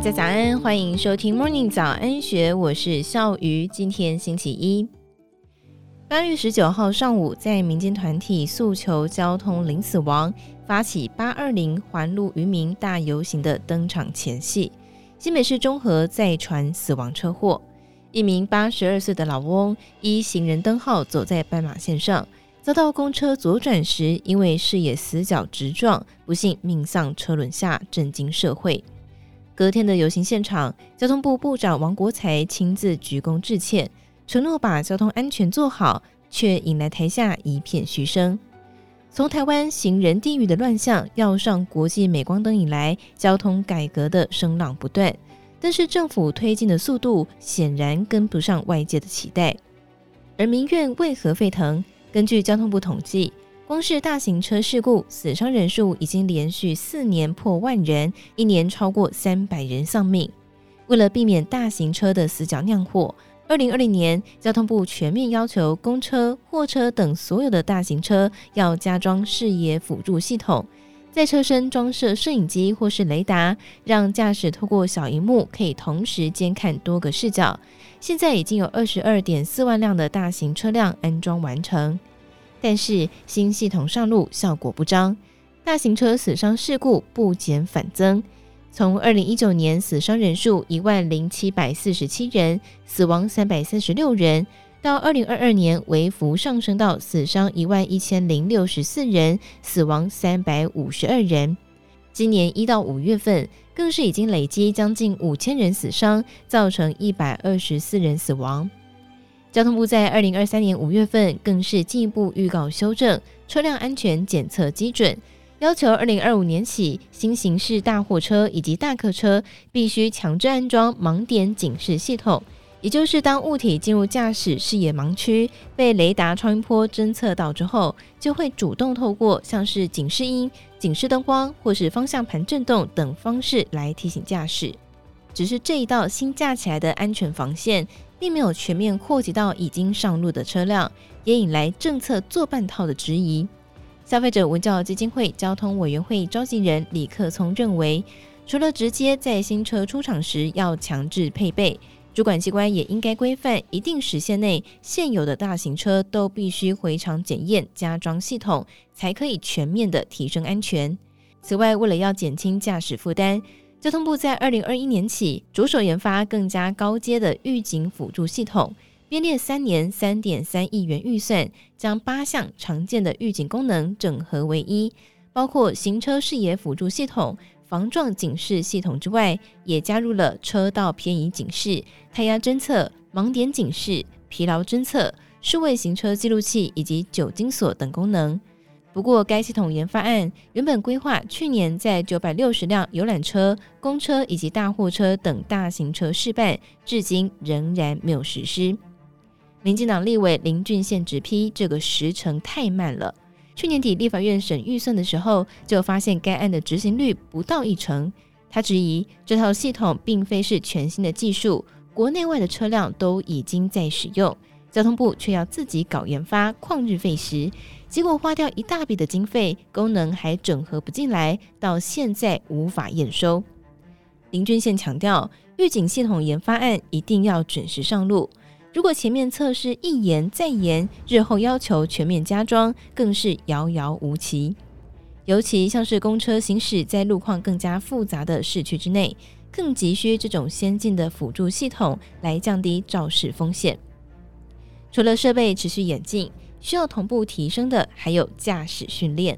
大家早安，歡迎收聽 Morning 早安學，我是笑魚，今天星期一，八月十九號上午，在民間團體訴求交通零死亡、發起八二零還路於民大遊行的登場前夕，新北市中和再傳死亡車禍。一名八十二歲的老翁，一行人燈號走在斑馬線上，遭到公車左轉時，因為視野死角直撞，不幸命喪車輪下，震驚社會。隔天的遊行現場，交通部部長王國材親自鞠躬致歉，承諾把交通安全做好，卻引來台下一片噓聲。從台灣行人地獄的亂象要上國際鎂光燈以來，交通改革的聲浪不斷，但是政府推進的速度顯然跟不上外界的期待。而民怨為何沸騰？根據交通部統計，光是大型車事故，死傷人數已經連續四年破萬人，一年超過三百人喪命。為了避免大型車的死角釀禍，二零二零年交通部全面要求公車、貨車等所有的大型車要加裝視野輔助系統，在車身裝設攝影機或是雷達，讓駕駛透過小熒幕可以同時監看多個視角。現在已經有二十二點四萬輛的大型車輛安裝完成。但是新系統上路效果不彰，大型車死傷事故不減反增。從二零一九年死傷人數一萬零七百四十七人，死亡三百三十六人，到二零二二年微幅上升到死傷一萬一千零六十四人，死亡三百五十二人。今年一到五月份，更是已經累積將近五千人死傷，造成一百二十四人死亡。交通部在二零二三年五月份更是進一步預告修正車輛安全檢測基準，要求二零二五年起，新型式大貨車以及大客車必須強制安裝盲點警示系統。也就是當物體進入駕駛視野盲區，被雷達超音波偵測到之後，就會主動透過像是警示音、警示燈光或是方向盤震動等方式來提醒駕駛。只是這一道新架起來的安全防線。並沒有全面擴及到已經上路的車輛，也引來政策做半套的質疑。消費者文教基金會交通委員會召集人李克聰認為，除了直接在新車出廠時要強制配備，主管機關也應該規範一定時限內現有的大型車都必須回廠檢驗加裝系統，才可以全面地提升安全。此外，為了要減輕駕駛負擔。交通部在二零二一年起着手研發更加高階的預警輔助系統，編列三年三點三億元預算，將八項常見的預警功能整合為一，包括行車視野輔助系統、防撞警示系統之外，也加入了車道偏移警示、胎壓偵測、盲點警示、疲勞偵測、數位行車記錄器以及酒精鎖等功能。不過，該系統研發案原本規劃去年在九百六十輛遊覽車、公車以及大貨車等大型車試辦，至今仍然沒有實施。民進黨立委林俊憲直批這個時程太慢了。去年底立法院審預算的時候，就發現該案的執行率不到一成。他質疑這套系統並非是全新的技術，國內外的車輛都已經在使用。交通部卻要自己搞研發，曠日費時，結果花掉一大筆的經費，功能還整合不進來，到現在無法驗收。林俊憲強調，預警系統研發案一定要準時上路，如果前面測試一延再延，日後要求全面加裝更是遙遙無期。尤其像是公車行駛在路況更加複雜的市區之內，更急需這種先進的輔助系統來降低肇事風險。除了設備持續演進，需要同步提升的還有駕駛訓練。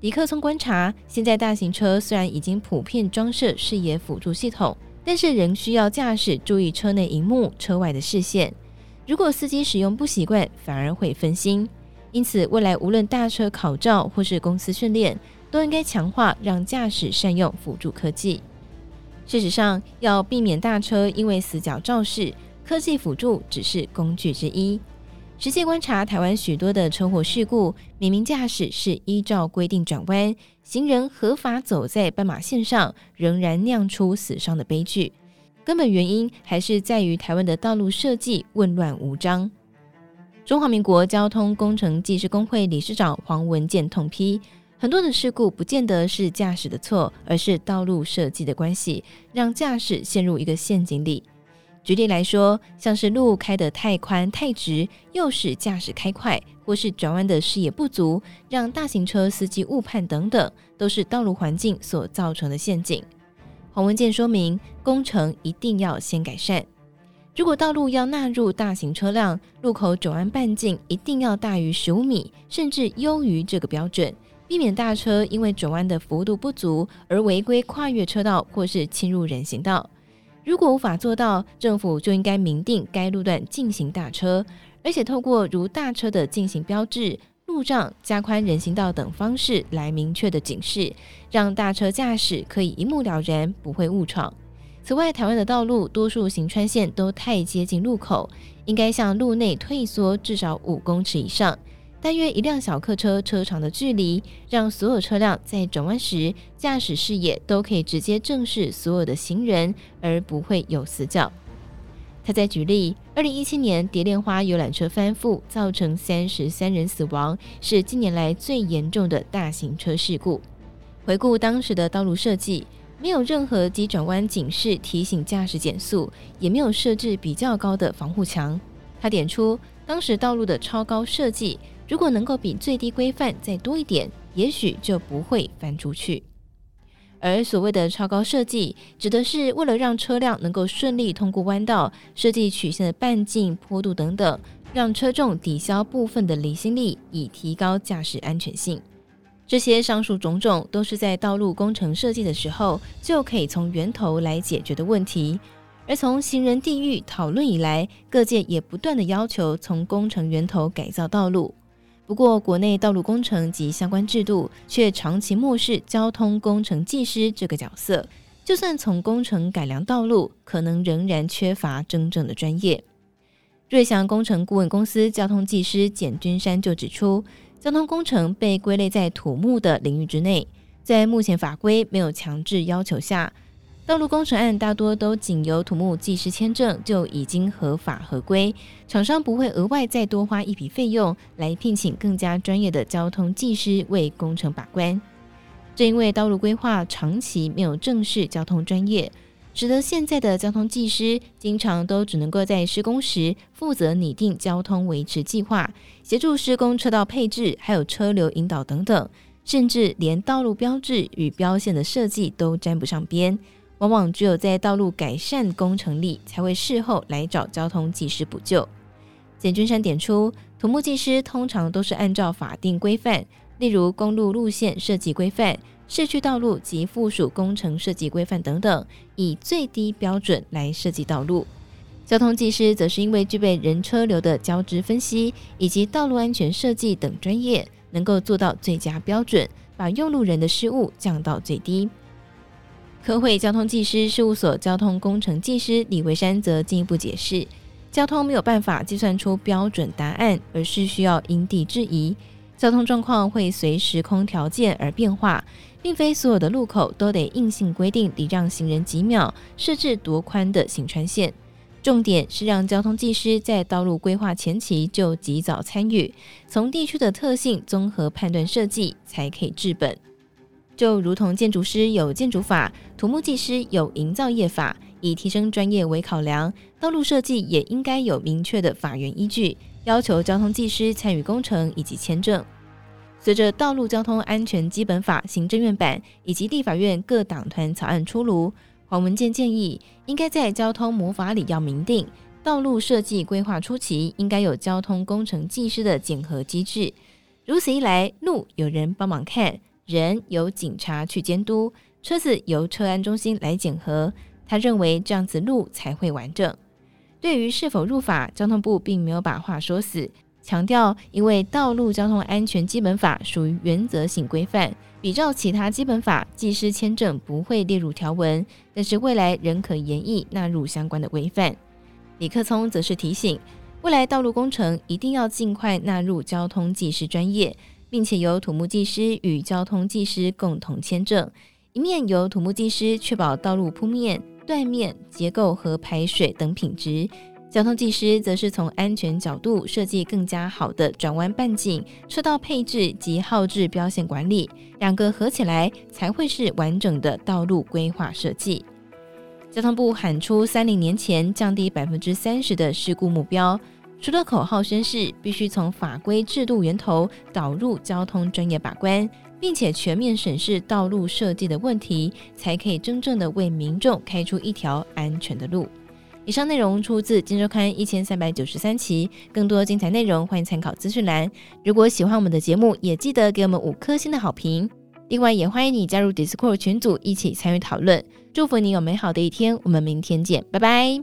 李克聰觀察，現在大型車雖然已經普遍裝設視野輔助系統，但是仍需要駕駛注意車內螢幕、車外的視線。如果司機使用不習慣，反而會分心。因此，未來無論大車考照或是公司訓練，都應該強化讓駕駛善用輔助科技。事實上，要避免大車因為死角肇事。科技輔助只是工具之一。實際觀察台灣許多的車禍事故，明明駕駛是依照規定轉彎，行人合法走在斑馬線上，仍然釀出死傷的悲劇。根本原因還是在於台灣的道路設計混亂無章。中華民國交通工程技師公會理事長黃文健痛批，很多的事故不見得是駕駛的錯，而是道路設計的關係，讓駕駛陷入一個陷阱裡。舉例來說，像是路開得太寬太直，又使駕駛開快，或是轉彎的視野不足，讓大型車司機誤判等等，都是道路環境所造成的陷阱。黃文健說明，工程一定要先改善。如果道路要納入大型車輛，路口轉彎半徑一定要大於十五米，甚至優於這個標準，避免大車因為轉彎的幅度不足而違規跨越車道或是侵入人行道。如果無法做到，政府就應該明定該路段禁行大車，而且透過如大車的禁行標誌、路障、加寬人行道等方式來明確的警示，讓大車駕駛可以一目了然，不會誤闖。此外，台灣的道路多數行穿線都太接近路口，應該向路內退縮至少五公尺以上。大約一輛小客車車長的距離，讓所有車輛在轉彎時，駕駛視野都可以直接正視所有的行人，而不會有死角。他再舉例，二零一七年蝶戀花遊覽車翻覆，造成三十三人死亡，是近年來最嚴重的大型車事故。回顧當時的道路設計，沒有任何急轉彎警示提醒駕駛減速，也沒有設置比較高的防護牆。他點出，當時道路的超高設計，如果能夠比最低規範再多一點，也許就不會翻出去。而所謂的超高設計，指的是為了讓車輛能夠順利通過彎道，設計曲線的半徑、坡度等等，讓車重抵消部分的離心力，以提高駕駛安全性。這些上述種種都是在道路工程設計的時候就可以從源頭來解決的問題。而從行人地獄討論以來，各界也不斷的要求從工程源頭改造道路。不過，國內道路工程及相關制度卻長期漠視交通工程技師這個角色，就算從工程改良道路，可能仍然缺乏真正的專業。瑞祥工程顧問公司交通技師簡君山就指出，交通工程被歸類在土木的領域之內，在目前法規沒有強制要求下，道路工程案大多都僅由土木技師簽證就已經合法合規，廠商不會額外再多花一筆費用來聘請更加專業的交通技師為工程把關。正因為道路規劃長期沒有正式交通專業，使得現在的交通技師經常都只能夠在施工時負責擬定交通維持計劃，協助施工車道配置，還有車流引導等等，甚至連道路標誌與標線的設計都沾不上邊。往往只有在道路改善工程裡才會事後來找交通技師補救。簡君山點出，土木技師通常都是按照法定規範，例如公路路線設計規範、市區道路及附屬工程設計規範等等，以最低標準來設計道路。交通技師則是因為具備人車流的交織分析以及道路安全設計等專業，能夠做到最佳標準，把用路人的失誤降到最低。科會交通技師事務所交通工程技師李維山則進一步解釋：交通沒有辦法計算出標準答案，而是需要因地制宜。交通狀況會隨時空條件而變化，並非所有的路口都得硬性規定禮讓行人幾秒，設置多寬的行穿線。重點是讓交通技師在道路規劃前期就及早參與，從地區的特性綜合判斷設計，才可以治本。就如同建築師有建築法，土木技師有營造業法，以提升專業為考量，道路設計也應該有明確的法源依據，要求交通技師參與工程以及簽證。隨着《道路交通安全基本法》行政院版以及立法院各黨團草案出爐，黃文健建議，應該在交通母法裡要明定，道路設計規劃初期應該有交通工程技師的檢核機制，如此一來，路有人幫忙看。人由警察去監督，車子由車安中心來檢核。他認為這樣子路才會完整。對於是否入法，交通部並沒有把話說死，強調因為《道路交通安全基本法》屬於原則性規範，比照其他基本法，技師簽證不會列入條文，但是未來仍可研議納入相關的規範。李克聰則是提醒，未來道路工程一定要儘快納入交通技師專業。並且由土木技師與交通技師共同簽證，一面由土木技師確保道路鋪面、斷面結構和排水等品質，交通技師則是從安全角度設計更加好的轉彎半徑、車道配置及號誌標線管理。兩個合起來才會是完整的道路規劃設計。交通部喊出三零年前降低百分之三十的事故目標。除了口號宣誓，必須從法規制度源頭導入交通專業把關，並且全面審視道路設計的問題，才可以真正的為民眾開出一條安全的路。以上內容出自《今周刊》一千三百九十三期，更多精彩內容歡迎參考資訊欄。如果喜歡我們的節目，也記得給我們五顆星的好評。另外，也歡迎你加入 Discord 群組，一起參與討論。祝福你有美好的一天，我們明天見，拜拜。